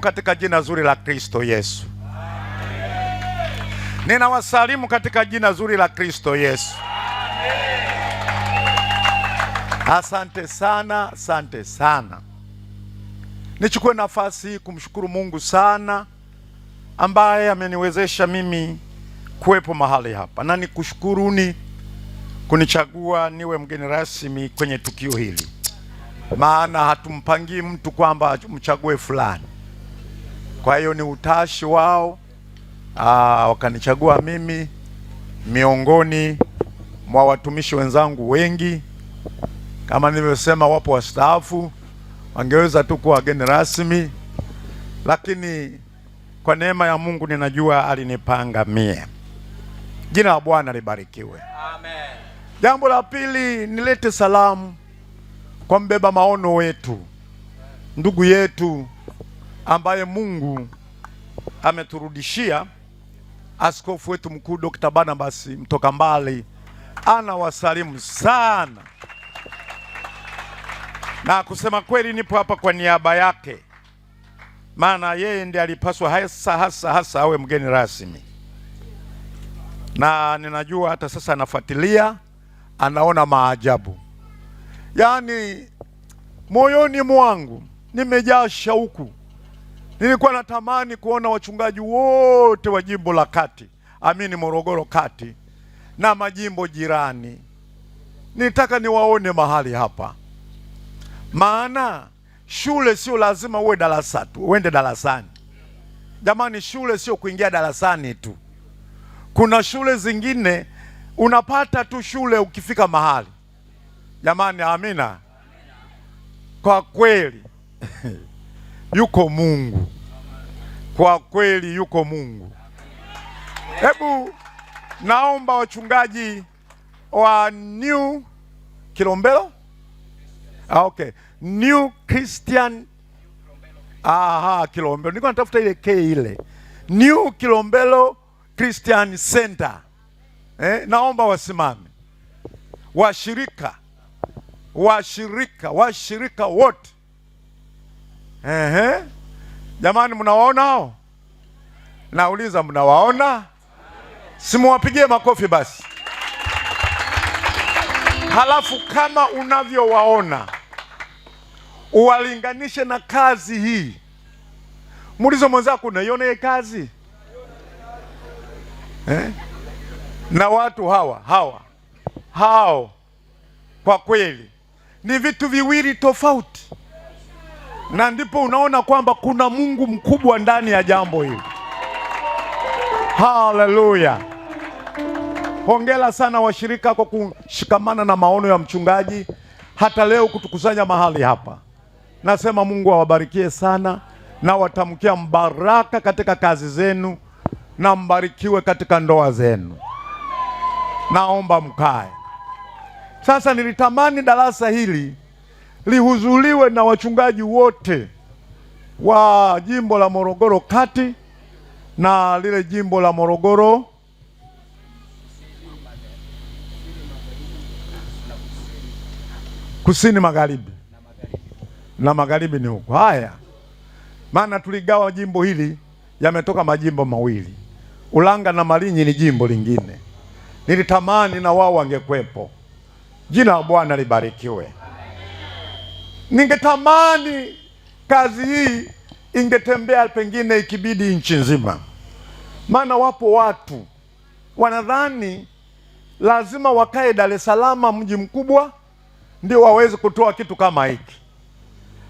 Katika jina zuri la Kristo Yesu, ninawasalimu katika jina zuri la Kristo Yesu. Asante sana, asante sana. Nichukue nafasi hii kumshukuru Mungu sana ambaye ameniwezesha mimi kuwepo mahali hapa, na nikushukuruni kunichagua niwe mgeni rasmi kwenye tukio hili, maana hatumpangii mtu kwamba mchague fulani kwa hiyo ni utashi wao aa, ah, wakanichagua mimi miongoni mwa watumishi wenzangu wengi. Kama nilivyosema, wapo wastaafu, wangeweza tu kuwa wageni rasmi, lakini kwa neema ya Mungu ninajua alinipanga mie. Jina la Bwana libarikiwe, amen. Jambo la pili, nilete salamu kwa mbeba maono wetu, ndugu yetu ambaye Mungu ameturudishia askofu wetu mkuu Dr. Barnabas mtoka mbali anawasalimu sana, na kusema kweli, nipo hapa kwa niaba yake, maana yeye ndiye alipaswa hasa hasa hasa awe mgeni rasmi, na ninajua hata sasa anafuatilia, anaona maajabu. Yaani moyoni mwangu nimejaa shauku Nilikuwa natamani kuona wachungaji wote wa jimbo la kati, amini, Morogoro kati na majimbo jirani, nitaka niwaone mahali hapa, maana shule sio lazima uwe darasa tu uende darasani. Jamani, shule sio kuingia darasani tu. Kuna shule zingine unapata tu shule ukifika mahali. Jamani, amina, kwa kweli yuko Mungu, kwa kweli yuko Mungu. Hebu naomba wachungaji wa New Kilombero, ah, okay, New Christian, aha, Kilombero, Niko natafuta ile K ile, New Kilombero Christian Center. Eh, naomba wasimame washirika washirika washirika wote Ehe. Jamani, mnawaona hao? Nauliza, mnawaona? Simuwapigie makofi basi. Halafu kama unavyowaona uwalinganishe na kazi hii. Muulize mwenzako, unaiona hii kazi eh? na watu hawa hawa hao, kwa kweli ni vitu viwili tofauti na ndipo unaona kwamba kuna Mungu mkubwa ndani ya jambo hili. Haleluya! Hongera sana washirika kwa kushikamana na maono ya mchungaji hata leo kutukusanya mahali hapa. Nasema Mungu awabarikie sana na watamkia mbaraka katika kazi zenu na mbarikiwe katika ndoa zenu. Naomba mkae sasa. Nilitamani darasa hili lihuzuliwe na wachungaji wote wa jimbo la Morogoro Kati na lile jimbo la Morogoro Kusini Magharibi na Magharibi ni huko. Haya, maana tuligawa jimbo hili, yametoka majimbo mawili. Ulanga na Malinyi ni jimbo lingine. Nilitamani na wao wangekwepo. Jina la Bwana libarikiwe. Ningetamani kazi hii ingetembea pengine ikibidi nchi nzima, maana wapo watu wanadhani lazima wakae Dar es Salaam, mji mkubwa, ndio waweze kutoa kitu kama hiki,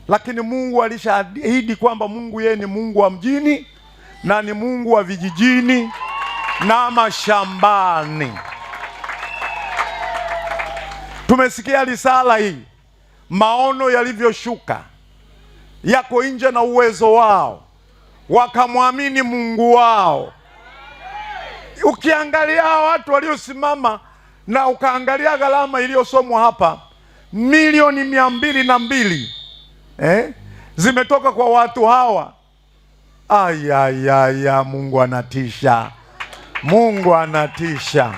lakini Mungu alishaahidi kwamba Mungu yeye ni Mungu wa mjini na ni Mungu wa vijijini na mashambani. Tumesikia risala hii maono yalivyoshuka yako nje na uwezo wao, wakamwamini Mungu wao. Ukiangalia hawa watu waliosimama na ukaangalia gharama iliyosomwa hapa, milioni mia mbili na mbili eh, zimetoka kwa watu hawa. Ayayaya, Mungu anatisha, Mungu anatisha,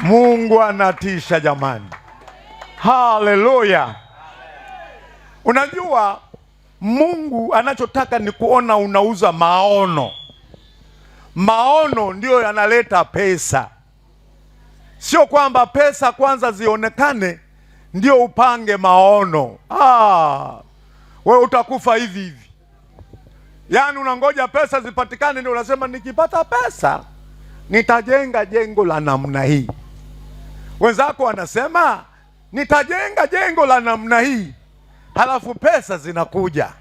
Mungu anatisha jamani. Haleluya! Unajua, Mungu anachotaka ni kuona unauza maono. Maono ndiyo yanaleta pesa, sio kwamba pesa kwanza zionekane ndio upange maono. Ah, wewe utakufa hivi hivi, yaani unangoja pesa zipatikane ndio unasema nikipata pesa nitajenga jengo la namna hii. Wenzako wanasema nitajenga jengo la namna hii, halafu pesa zinakuja,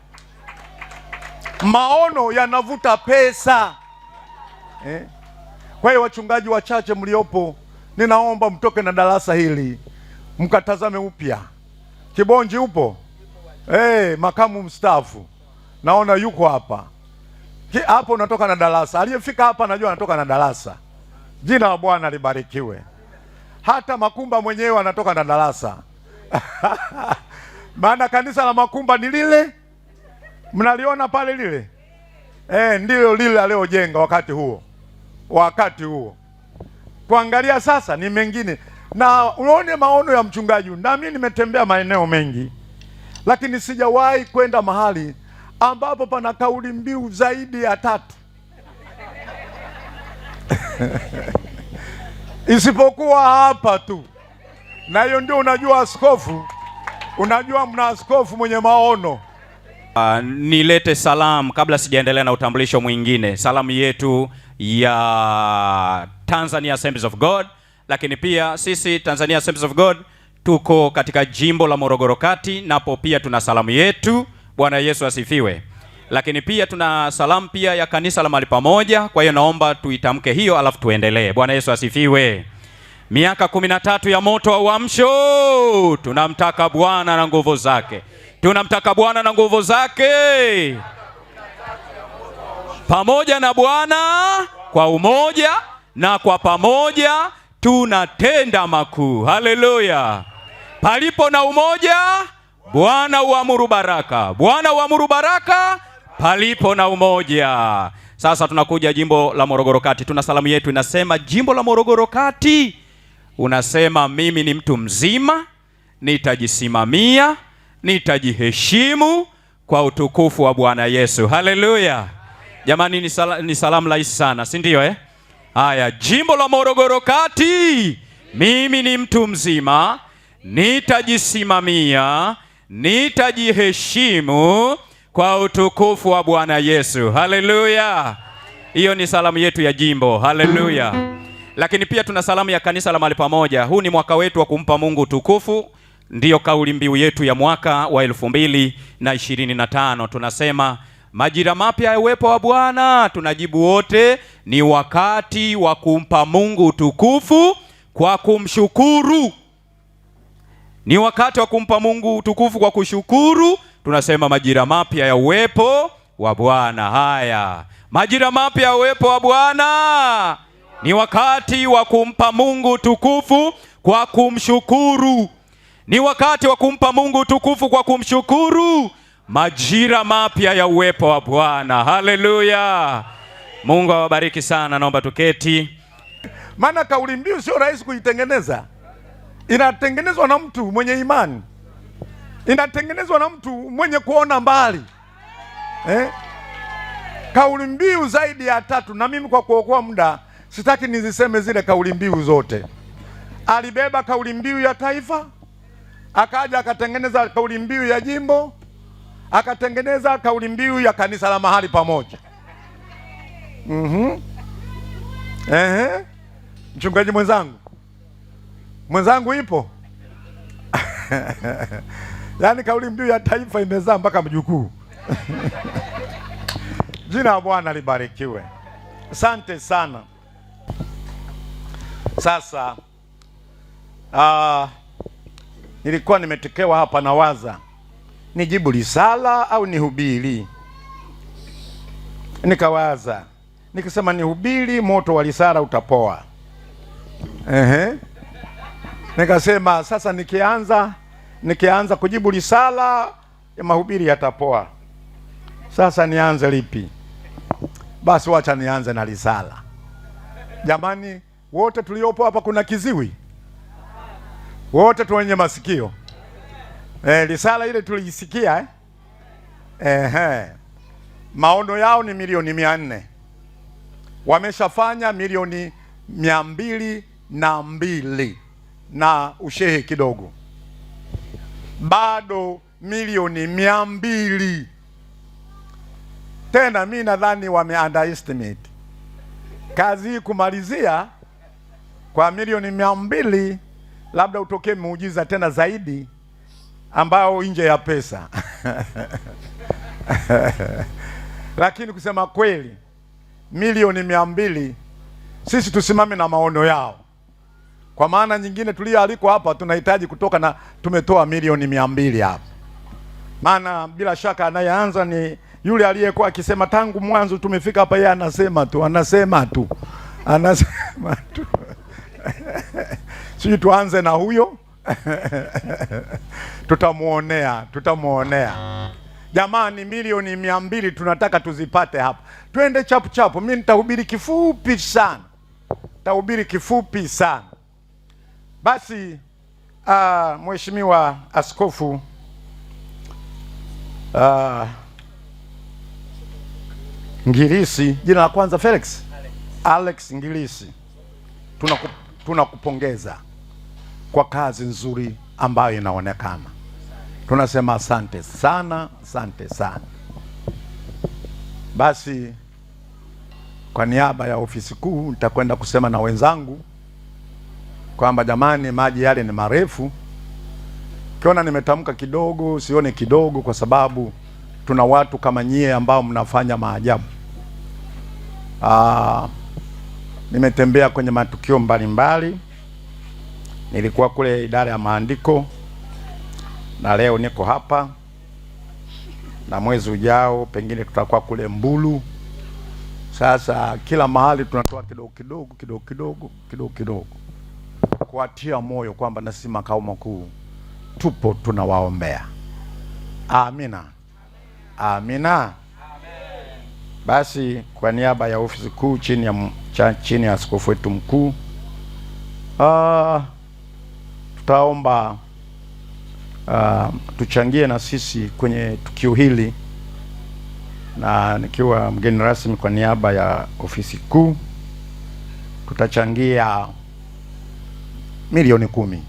maono yanavuta pesa eh? Kwa hiyo wachungaji wachache mliopo, ninaomba mtoke na darasa hili mkatazame upya. Kibonji upo eh? Makamu mstaafu naona yuko hapa hapo unatoka na darasa. Aliyefika hapa najua anatoka na darasa. Jina la Bwana libarikiwe hata Makumba mwenyewe anatoka na darasa maana kanisa la Makumba ni lile mnaliona pale lile e, ndilo lile aliojenga wakati huo, wakati huo kuangalia sasa ni mengine, na uone maono ya mchungaji. Nami nimetembea maeneo mengi, lakini sijawahi kwenda mahali ambapo pana kauli mbiu zaidi ya tatu isipokuwa hapa tu, na hiyo ndio unajua askofu, unajua mna askofu mwenye maono. Uh, nilete salamu kabla sijaendelea na utambulisho mwingine, salamu yetu ya Tanzania Assemblies of God, lakini pia sisi Tanzania Assemblies of God tuko katika jimbo la Morogoro Kati, napo pia tuna salamu yetu. Bwana Yesu asifiwe lakini pia tuna salamu pia ya kanisa la mali pamoja. Kwa hiyo naomba tuitamke hiyo, alafu tuendelee. Bwana Yesu asifiwe. Miaka kumi na tatu ya moto wa uamsho, tunamtaka Bwana na nguvu zake, tunamtaka Bwana na nguvu zake, pamoja na Bwana kwa umoja na kwa pamoja tunatenda makuu. Haleluya! Palipo na umoja, Bwana uamuru baraka, Bwana uamuru baraka palipo na umoja. Sasa tunakuja jimbo la Morogoro Kati, tuna salamu yetu inasema, jimbo la Morogoro Kati unasema mimi ni mtu mzima, nitajisimamia, nitajiheshimu kwa utukufu wa Bwana Yesu. Haleluya jamani, ni, sal ni salamu rahisi sana, si ndio eh? Haya, jimbo la Morogoro Kati, mimi ni mtu mzima, nitajisimamia, nitajiheshimu kwa utukufu wa Bwana Yesu. Haleluya! Hiyo ni salamu yetu ya jimbo. Haleluya! Lakini pia tuna salamu ya kanisa la mahali pamoja. Huu ni mwaka wetu wa kumpa Mungu utukufu, ndiyo kauli mbiu yetu ya mwaka wa elfu mbili na ishirini na tano. Tunasema majira mapya ya uwepo wa Bwana. Tunajibu wote, ni wakati wa kumpa Mungu utukufu kwa kumshukuru. Ni wakati wa kumpa Mungu utukufu kwa kushukuru tunasema majira mapya ya uwepo wa Bwana. Haya, majira mapya ya uwepo wa Bwana ni wakati wa kumpa Mungu tukufu kwa kumshukuru, ni wakati wa kumpa Mungu tukufu kwa kumshukuru. Majira mapya ya uwepo wa Bwana. Haleluya, Mungu awabariki sana. Naomba tuketi, maana kauli mbiu sio rahisi kuitengeneza, inatengenezwa na mtu mwenye imani inatengenezwa na mtu mwenye kuona mbali eh? Kauli mbiu zaidi ya tatu, na mimi kwa kuokoa muda sitaki niziseme zile kauli mbiu zote. Alibeba kauli mbiu ya taifa, akaja akatengeneza kauli mbiu ya jimbo, akatengeneza kauli mbiu ya kanisa la mahali pamoja. mm-hmm. Ehe, mchungaji mwenzangu, mwenzangu ipo yaani kauli mbiu ya taifa imezaa mpaka mjukuu. Jina la Bwana libarikiwe. Asante sana. Sasa uh, nilikuwa nimetekewa hapa na waza nijibu risala au nihubiri. Nikawaza nikisema nihubiri, moto wa risala utapoa. Ehe, nikasema sasa nikianza nikianza kujibu risala ya mahubiri yatapoa. Sasa nianze lipi? Basi wacha nianze na risala. Jamani, wote tuliopo hapa kuna kiziwi? Wote tuwenye masikio eh? Risala ile tuliisikia eh? Ehe, maono yao ni milioni mia nne wameshafanya milioni mia mbili na mbili na ushehe kidogo bado milioni mia mbili. Tena mi nadhani wame underestimate kazi hii kumalizia kwa milioni mia mbili, labda utokee muujiza tena zaidi ambao nje ya pesa lakini kusema kweli, milioni mia mbili, sisi tusimame na maono yao. Kwa maana nyingine, tulioalikwa hapa tunahitaji kutoka na tumetoa milioni mia mbili hapa, maana bila shaka anayeanza ni yule aliyekuwa akisema tangu mwanzo tumefika hapa. Yeye anasema tu anasema tu anasema tu sijui tuanze na huyo tutamuonea, tutamuonea. Jamani, milioni mia mbili tunataka tuzipate hapa, twende chapu chapu. Mi nitahubiri kifupi sana, nitahubiri kifupi sana. Basi uh, Mheshimiwa Askofu uh, Ngilisi, jina la kwanza Felix Alex Ngilisi, tunakupongeza tuna kwa kazi nzuri ambayo inaonekana, tunasema asante sana, asante sana. Basi kwa niaba ya ofisi kuu nitakwenda kusema na wenzangu kwamba jamani, maji yale ni marefu. Kiona nimetamka kidogo, sione kidogo, kwa sababu tuna watu kama nyie ambao mnafanya maajabu. Aa, ah, nimetembea kwenye matukio mbalimbali mbali. Nilikuwa kule idara ya maandiko na leo niko hapa, na mwezi ujao pengine tutakuwa kule Mbulu. Sasa kila mahali tunatoa kidogo kidogo kidogo kidogo kidogo kidogo kuwatia moyo kwamba na sisi makao makuu tupo tunawaombea. Amina, amina. Basi kwa niaba ya ofisi kuu chini ya cha, chini ya askofu wetu mkuu uh, tutaomba uh, tuchangie na sisi kwenye tukio hili, na nikiwa mgeni rasmi kwa niaba ya ofisi kuu tutachangia milioni kumi.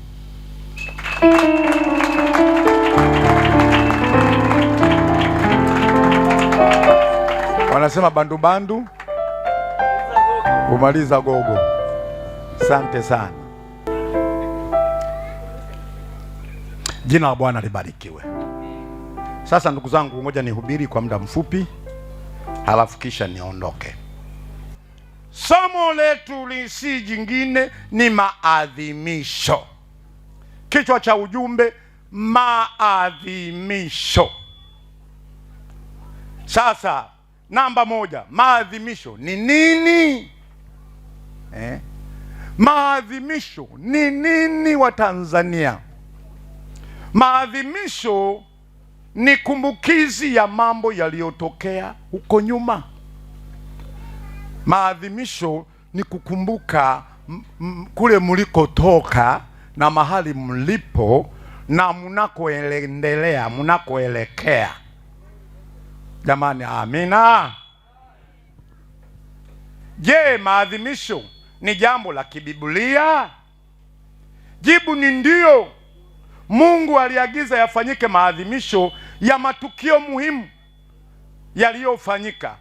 Wanasema bandubandu kumaliza gogo. Asante sana, jina la Bwana libarikiwe. Sasa ndugu zangu, ngoja nihubiri kwa muda mfupi, halafu kisha niondoke. Somo letu lisi jingine ni maadhimisho. Kichwa cha ujumbe maadhimisho. Sasa namba moja, maadhimisho ni nini eh? Maadhimisho ni nini wa Tanzania? Maadhimisho ni kumbukizi ya mambo yaliyotokea huko nyuma Maadhimisho ni kukumbuka kule mlikotoka na mahali mlipo na mnakoendelea mnakoelekea. Jamani, amina. Je, maadhimisho ni jambo la kibiblia? Jibu ni ndio. Mungu aliagiza yafanyike maadhimisho ya matukio muhimu yaliyofanyika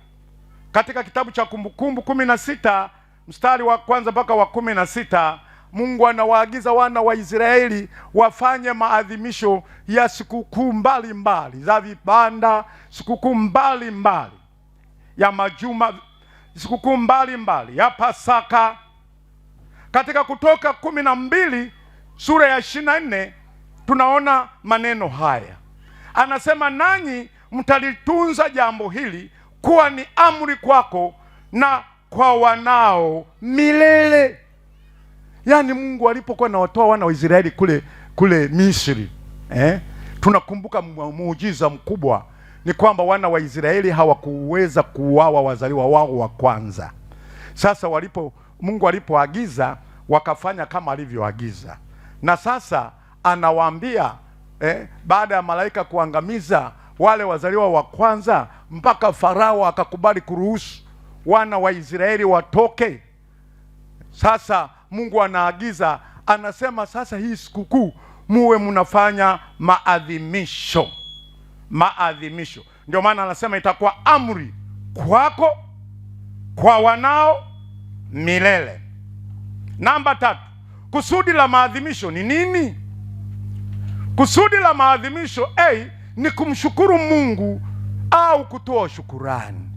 katika kitabu cha Kumbukumbu kumi na sita mstari wa kwanza mpaka wa kumi na sita Mungu anawaagiza wana wa Israeli wafanye maadhimisho ya sikukuu mbalimbali za vibanda, sikukuu mbalimbali ya majuma, sikukuu mbalimbali ya Pasaka. Katika Kutoka kumi na mbili sura ya ishirini na nne tunaona maneno haya, anasema nanyi mtalitunza jambo hili kuwa ni amri kwako na kwa wanao milele. Yaani Mungu alipokuwa nawatoa wana wa Israeli kule kule Misri eh? Tunakumbuka muujiza mkubwa ni kwamba wana wa Israeli hawakuweza kuuawa wazaliwa wao wa kwanza. Sasa walipo Mungu alipoagiza wakafanya kama alivyoagiza, na sasa anawaambia eh, baada ya malaika kuangamiza wale wazaliwa wa kwanza mpaka Farao akakubali kuruhusu wana wa Israeli watoke. Sasa Mungu anaagiza, anasema sasa hii sikukuu muwe mnafanya maadhimisho, maadhimisho. Ndio maana anasema itakuwa amri kwako kwa wanao milele. Namba tatu, kusudi la maadhimisho ni nini? Kusudi la maadhimisho hey, ni kumshukuru Mungu au kutoa shukurani.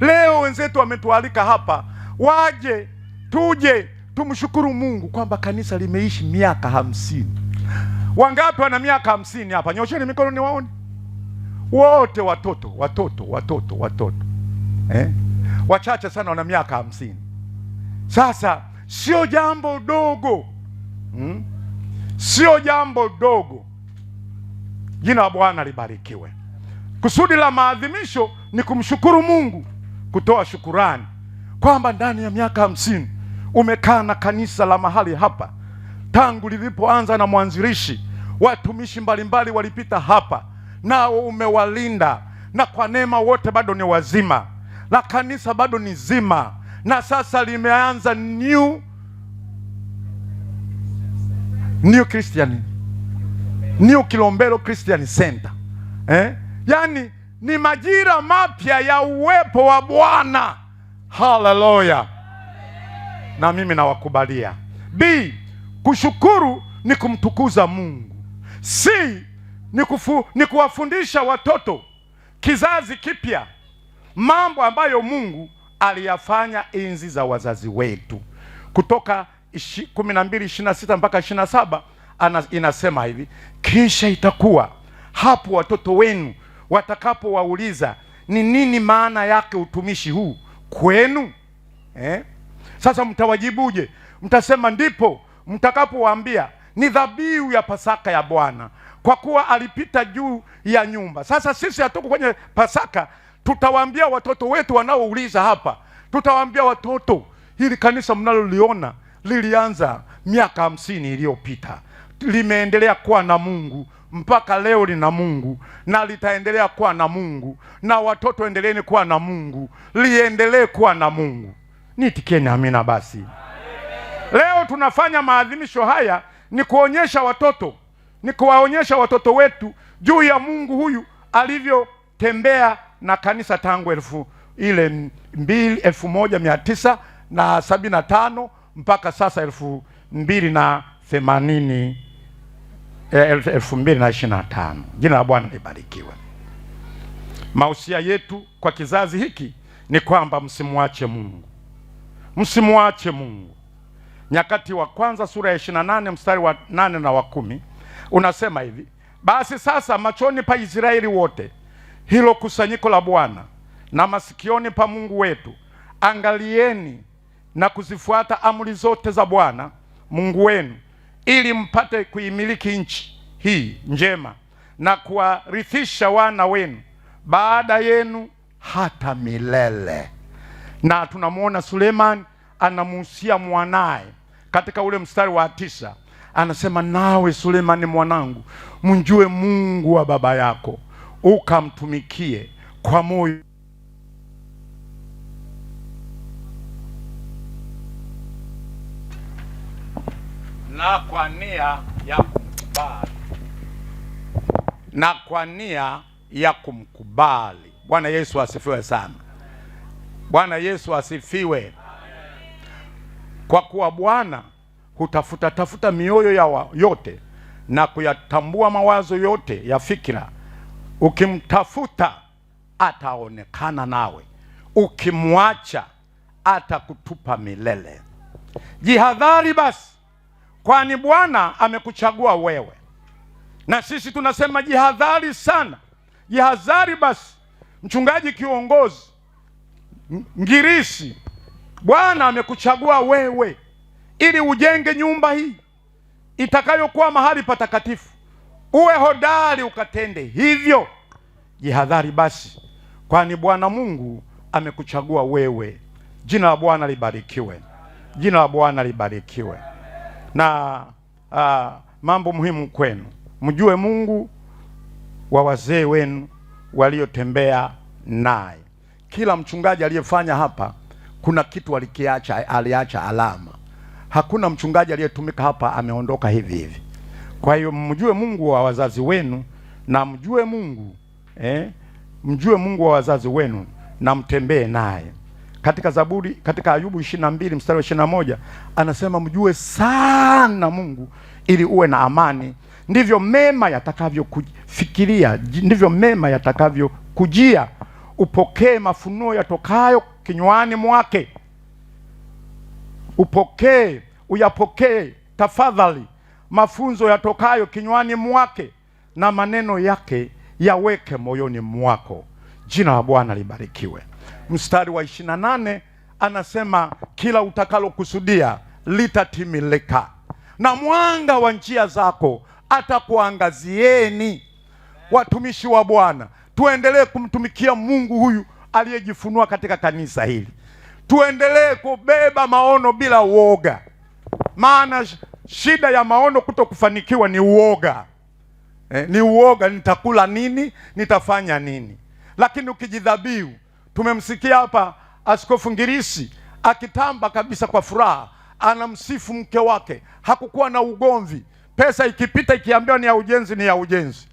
Leo wenzetu wametualika hapa waje tuje tumshukuru Mungu kwamba kanisa limeishi miaka hamsini. Wangapi wana miaka hamsini hapa? Nyosheni mikono niwaone wote. Watoto, watoto, watoto, watoto eh? Wachache sana wana miaka hamsini. Sasa sio jambo dogo hmm? Sio jambo dogo Jina la Bwana libarikiwe. Kusudi la maadhimisho ni kumshukuru Mungu, kutoa shukurani kwamba ndani ya miaka hamsini umekaa na kanisa la mahali hapa tangu lilipoanza na mwanzilishi. Watumishi mbalimbali walipita hapa, nao umewalinda, na kwa neema wote bado ni wazima, la kanisa bado ni zima, na sasa limeanza new new Christian New Kilombero Christian Center eh? Yani ni majira mapya ya uwepo wa Bwana. Haleluya! Na mimi nawakubalia. B, kushukuru ni kumtukuza Mungu. C, ni, kufu, ni kuwafundisha watoto kizazi kipya mambo ambayo Mungu aliyafanya enzi za wazazi wetu, Kutoka 12:26 mpaka 27 ana, inasema hivi, kisha itakuwa hapo watoto wenu watakapowauliza ni nini maana yake utumishi huu kwenu eh? Sasa mtawajibuje? Mtasema ndipo mtakapowaambia ni dhabihu ya Pasaka ya Bwana, kwa kuwa alipita juu ya nyumba. Sasa sisi hatuko kwenye Pasaka, tutawaambia watoto wetu wanaouliza hapa, tutawaambia watoto, hili kanisa mnaloliona lilianza miaka hamsini iliyopita limeendelea kuwa na Mungu mpaka leo lina Mungu na litaendelea kuwa na Mungu, na watoto endeleeni kuwa na Mungu, liendelee kuwa na Mungu. Nitikieni amina. Basi leo tunafanya maadhimisho haya ni kuonyesha watoto, ni kuwaonyesha watoto wetu juu ya Mungu huyu alivyotembea na kanisa tangu elfu ile mbili elfu moja mia tisa na sabini na tano mpaka sasa elfu mbili na themanini elfu mbili na ishirini na tano. Jina la Bwana libarikiwe. Mausia yetu kwa kizazi hiki ni kwamba msimwache Mungu, msimwache Mungu. Nyakati wa kwanza sura ya ishirini na nane mstari wa nane na wa kumi unasema hivi: basi sasa machoni pa Israeli wote hilo kusanyiko la Bwana na masikioni pa Mungu wetu, angalieni na kuzifuata amri zote za Bwana Mungu wenu ili mpate kuimiliki nchi hii njema na kuwarithisha wana wenu baada yenu hata milele. Na tunamwona Sulemani anamuhusia mwanaye katika ule mstari wa tisa, anasema nawe Sulemani mwanangu, mjue Mungu wa baba yako ukamtumikie kwa moyo na kwa nia ya kumkubali, na kwa nia ya kumkubali. Bwana Yesu asifiwe sana. Bwana Yesu asifiwe. Kwa kuwa Bwana hutafuta tafuta mioyo ya yote na kuyatambua mawazo yote ya fikira. Ukimtafuta ataonekana nawe, ukimwacha atakutupa milele. Jihadhari basi kwani Bwana amekuchagua wewe. Na sisi tunasema jihadhari sana, jihadhari basi, mchungaji kiongozi ngirisi, Bwana amekuchagua wewe ili ujenge nyumba hii itakayokuwa mahali patakatifu. Uwe hodari ukatende hivyo. Jihadhari basi, kwani Bwana Mungu amekuchagua wewe. Jina la Bwana libarikiwe, jina la Bwana libarikiwe na uh, mambo muhimu kwenu, mjue Mungu wa wazee wenu waliotembea naye. Kila mchungaji aliyefanya hapa kuna kitu alikiacha, aliacha alama. Hakuna mchungaji aliyetumika hapa ameondoka hivi hivi. Kwa hiyo mjue Mungu wa wazazi wenu na mjue Mungu eh, mjue Mungu wa wazazi wenu na mtembee naye katika Zaburi, katika Ayubu 22 mstari wa ishirini moja anasema mjue sana Mungu ili uwe na amani, ndivyo mema yatakavyokufikiria, ndivyo mema yatakavyokujia. Upokee mafunuo yatokayo kinywani mwake, upokee, uyapokee tafadhali mafunzo yatokayo kinywani mwake, na maneno yake yaweke moyoni mwako. Jina la Bwana libarikiwe mstari wa ishirini na nane anasema kila utakalokusudia litatimilika, na mwanga wa njia zako atakuangazieni. Watumishi wa Bwana, tuendelee kumtumikia Mungu huyu aliyejifunua katika kanisa hili, tuendelee kubeba maono bila uoga, maana shida ya maono kuto kufanikiwa ni uoga. Eh, ni uoga. Nitakula nini? Nitafanya nini? Lakini ukijidhabihu Tumemsikia hapa Askofu Ngirisi akitamba kabisa kwa furaha, anamsifu mke wake, hakukuwa na ugomvi. Pesa ikipita ikiambiwa ni ya ujenzi, ni ya ujenzi.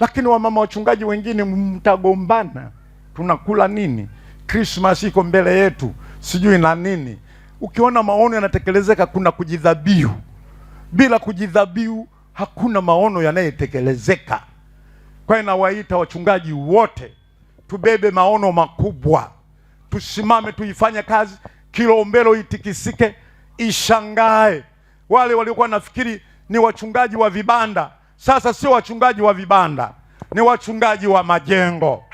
Lakini wamama wachungaji wengine mtagombana, tunakula nini? Krismasi iko mbele yetu, sijui na nini. Ukiona maono yanatekelezeka, kuna kujidhabihu. Bila kujidhabihu, hakuna maono yanayetekelezeka. Kwa hiyo nawaita wachungaji wote tubebe maono makubwa, tusimame, tuifanye kazi. Kilombero itikisike, ishangae. Wale waliokuwa nafikiri ni wachungaji wa vibanda, sasa sio wachungaji wa vibanda, ni wachungaji wa majengo,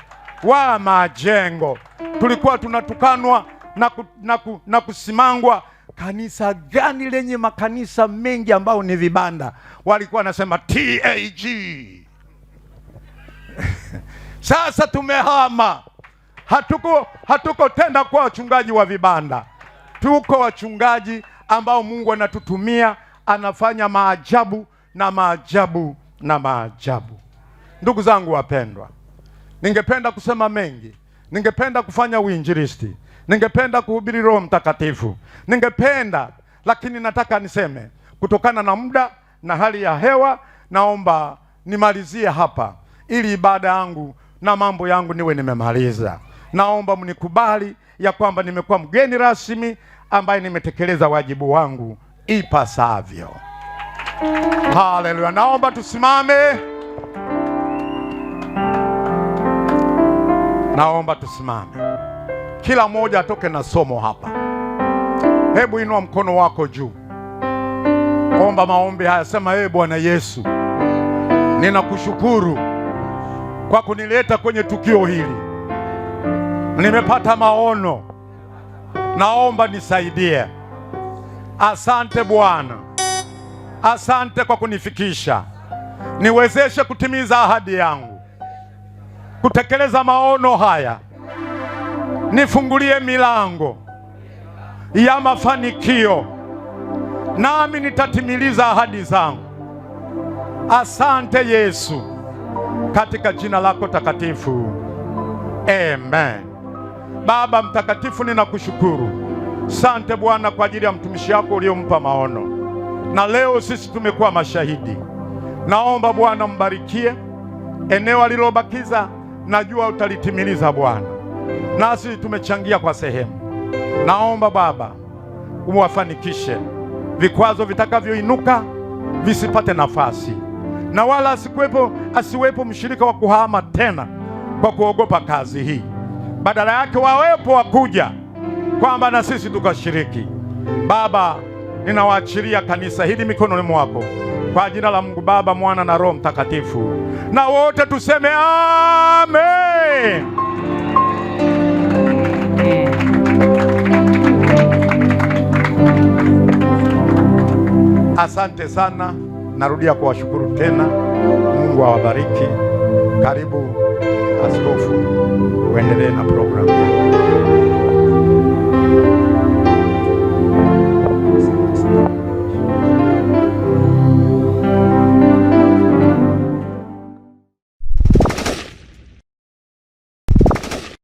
wa majengo. Tulikuwa tunatukanwa na, ku, na, ku, na kusimangwa Kanisa gani lenye makanisa mengi ambayo ni vibanda? Walikuwa wanasema TAG sasa tumehama, hatuko hatuko tena kuwa wachungaji wa vibanda, tuko wachungaji ambao Mungu anatutumia, anafanya maajabu na maajabu na maajabu. Ndugu zangu wapendwa, ningependa kusema mengi, ningependa kufanya uinjilisti, ningependa kuhubiri Roho Mtakatifu, ningependa lakini nataka niseme kutokana na muda na hali ya hewa, naomba nimalizie hapa ili ibada yangu na mambo yangu niwe nimemaliza. Naomba mnikubali ya kwamba nimekuwa mgeni rasmi ambaye nimetekeleza wajibu wangu ipasavyo. Haleluya! Naomba tusimame, naomba tusimame, kila mmoja atoke na somo hapa. Hebu inua mkono wako juu, omba maombi haya, sema: ee Bwana Yesu, ninakushukuru kwa kunileta kwenye tukio hili. Nimepata maono, naomba nisaidie. Asante Bwana, asante kwa kunifikisha. Niwezeshe kutimiza ahadi yangu, kutekeleza maono haya. Nifungulie milango ya mafanikio, nami nitatimiliza ahadi zangu. Asante Yesu katika jina lako takatifu, amen. Baba mtakatifu, ninakushukuru. Sante Bwana kwa ajili ya mtumishi wako uliyompa maono, na leo sisi tumekuwa mashahidi. Naomba Bwana mbarikie eneo alilobakiza, najua utalitimiliza Bwana, nasi tumechangia kwa sehemu. Naomba Baba umwafanikishe, vikwazo vitakavyoinuka visipate nafasi na wala asikuwepo, asiwepo mshirika wa kuhama tena kwa kuogopa kazi hii. Badala yake wawepo wakuja kwamba na sisi tukashiriki. Baba, ninawaachilia kanisa hili mikononi mwako kwa jina la Mungu Baba, Mwana na Roho Mtakatifu, na wote tuseme amen. Asante sana. Narudia kuwashukuru tena. Mungu awabariki. Karibu askofu, uendelee na programu.